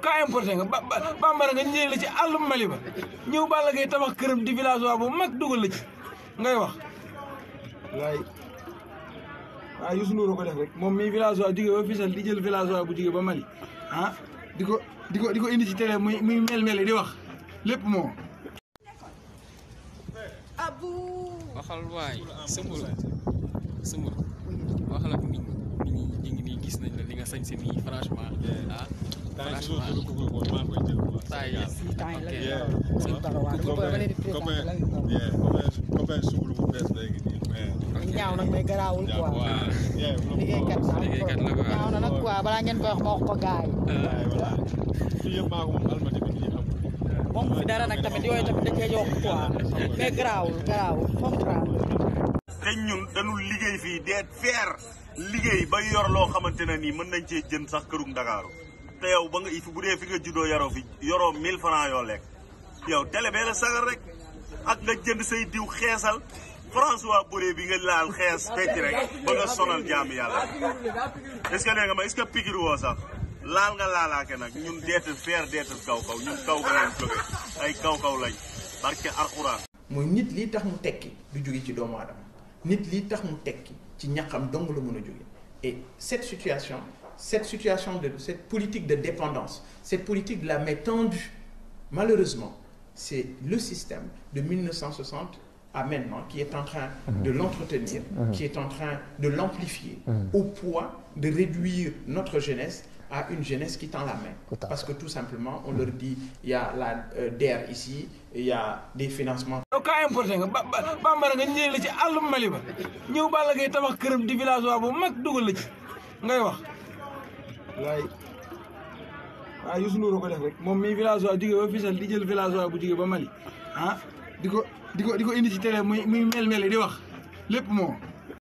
ka importé nga ba bambara nga njëriñ la ci àllum Mali ba ñëw Balla Gaye tabax këram di village waa bu mag dugal la ngay wax. laay waaw ah, Youssou Ndour ko def rek moom mi village waa jugee ba Fissel di jël village waa bu jugee ba Mali ah di ko di ko indi ci télé muy muy mel-mel di wax lépp moo. abu. waxal gis nañ la li ñaaw nag mais garaawul quoi. liggéeykat la liggéeykat la quoi ñaaw na nag quoi balaa ngeen koy wax ma wax ko gaay moom fi dara nag tamit yooyu tamit da cee yokk quoi mais garaawul garaawul comprendre. dañ ñun dañu liggéey fii deet feer liggéey ba yor xamante ne nii mën nañ cee jën sax kërug Ndakaaru. te yow ba nga if bu dee fi nga juddoo yaroo fi yoroo mil francs yoo lekk yow télé bee la sagal rek ak nga jënd say diw xeesal François Bourré bi nga laal xees fecc rek ba nga sonal jaam yàlla est-ce que nee nga ma est-ce sax laal nga laalaake nag ñun deetul feer deetul kaw kaw ñun kaw nga leen jóge ay kaw kaw lañ barke alxuraan mooy nit lii tax mu tekki du jóge ci doomu aadama nit lii tax mu tekki ci ñaqam dong la mën a jóge Et cette situation, cette situation politique de dépendance, cette politique de la mais tendue, malheureusement, c'est le système de 1960 à maintenant qui est en train de mhm. l'entretenir, mhm. qui est en train de l'amplifier mhm. au point de réduire notre jeunesse à une jeunesse qui tend la main. Parce que tout simplement, on leur dit, il y a la euh, DER ici, il des financements. cas importé nga ba bambara nga njëriñ la ci àllum Mali ba ñëw Balla Gaye tabax këram di village waa bu mag dugal la ci ngay wax. waaye waaw Youssou Ndour ko def rek moom mii village waa jugee ba Fissel di jël village waa bu jugee ba Mali ah di ko di ko di ko indi ci télé muy muy mel-mel di wax lépp moo.